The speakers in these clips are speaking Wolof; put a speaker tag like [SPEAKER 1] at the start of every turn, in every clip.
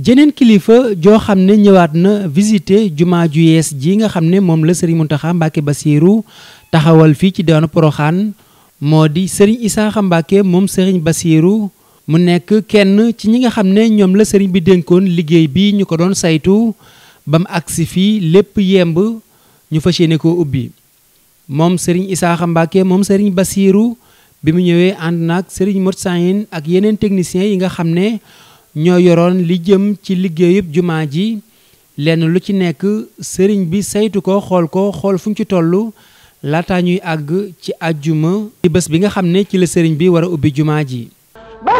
[SPEAKER 1] jeneen kilifa joo xam ne ñëwaat na visité jumaa ju yees ji nga xam ne moom la sëriñ Mountakha Mbacké Bassirou taxawal fii ci diwaanu Porokhane moo di sëriñ Issakha Mbacké moom sëriñ Bassirou mu nekk kenn ci ñi nga xam ne ñoom la sëriñ bi dénkoon liggéey bi ñu ko doon saytu ba mu agsi fii lépp yemb ñu fas yéene koo ubbi moom sëriñ Issakha Mbacké moom sëriñ Bassirou bi mu ñëwee ànd naag sëriñ Moursaïn ak yeneen techniciens yi nga xam ne ñoo yoroon li jëm ci liggéeyub jumaa ji lenn lu ci nekk sëriñ bi saytu ko xool ko xool fu ñu ci tollu laata ñuy àgg ci àjjuma ci bés bi nga xam ne ci la sëriñ bi war a ubbi jumaa ji ba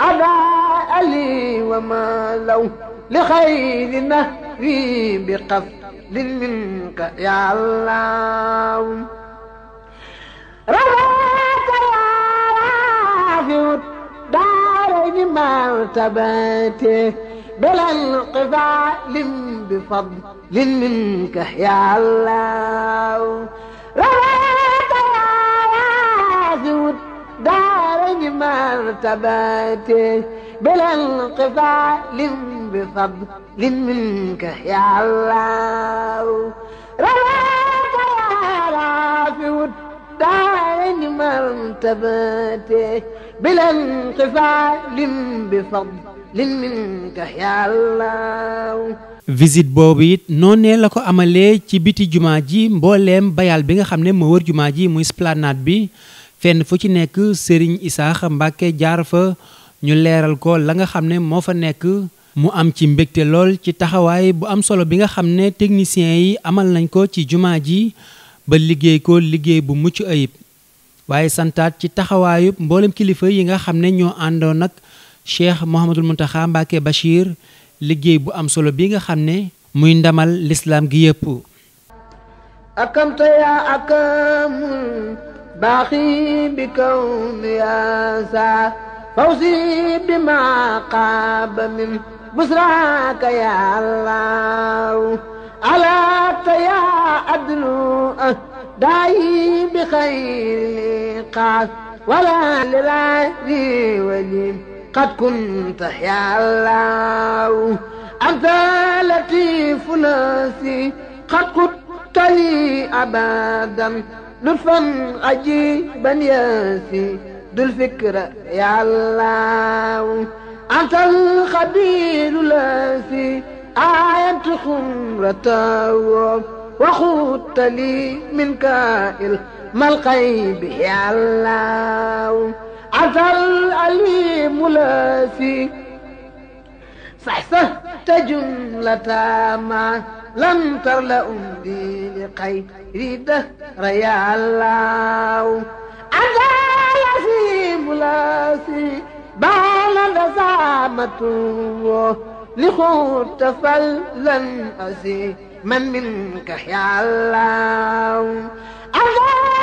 [SPEAKER 2] أداء لي وما لو لخير نهري بقصد منك يا الله رضاك يا رافع الدار مرتبته بلا انقبال بفضل منك يا الله رضاك visit بلا
[SPEAKER 1] boobu it noonee la ko amalee ci biti jumaa ji mbooleem bayal bi nga xam ne moo wër jumaa ji muy esplanade bi fenn fu ci nekk Serigne Isaax Mbacke jaar fa ñu leeral ko la nga xam ne moo fa nekk mu am ci mbégte lool ci taxawaay bu am solo bi nga xam ne techniciens yi amal nañ ko ci jumaa ji ba liggéey ko liggéey bu mucc ayib waaye santaat ci taxawaayu mboolem kilifa yi nga xam ne ñoo àndoon ak Cheikh Mouhamadul Mountakha Mbacke Bachir liggéey bu am solo bi nga xam ne muy ndamal lislaam gi yépp
[SPEAKER 2] باقي بكون يا سعد فوزي بما قاب من بسراك يا الله ألاك يا أدل داعي بخير قاد ولا لله ولي قد كنت يا الله أنت لطيف ناسي قد كنت تلي أبدا لطفا عجيبا ياسي ذو الفكرة يا الله أنت الخبير الذي آية خمرته وخدت لي منك ما الغيب يا الله أنت العليم الذي صحصحت جملة ما لن ترلأم بي لخير دهر يا الله أذا يسيب لاسي بعل دزامته لخوت فلن أسي من منك يا الله أذا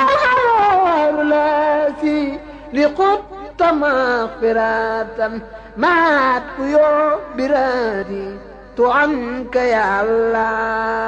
[SPEAKER 2] الحرار لاسي لقد مغفرة مات يوم برادي بعدت عنك يا الله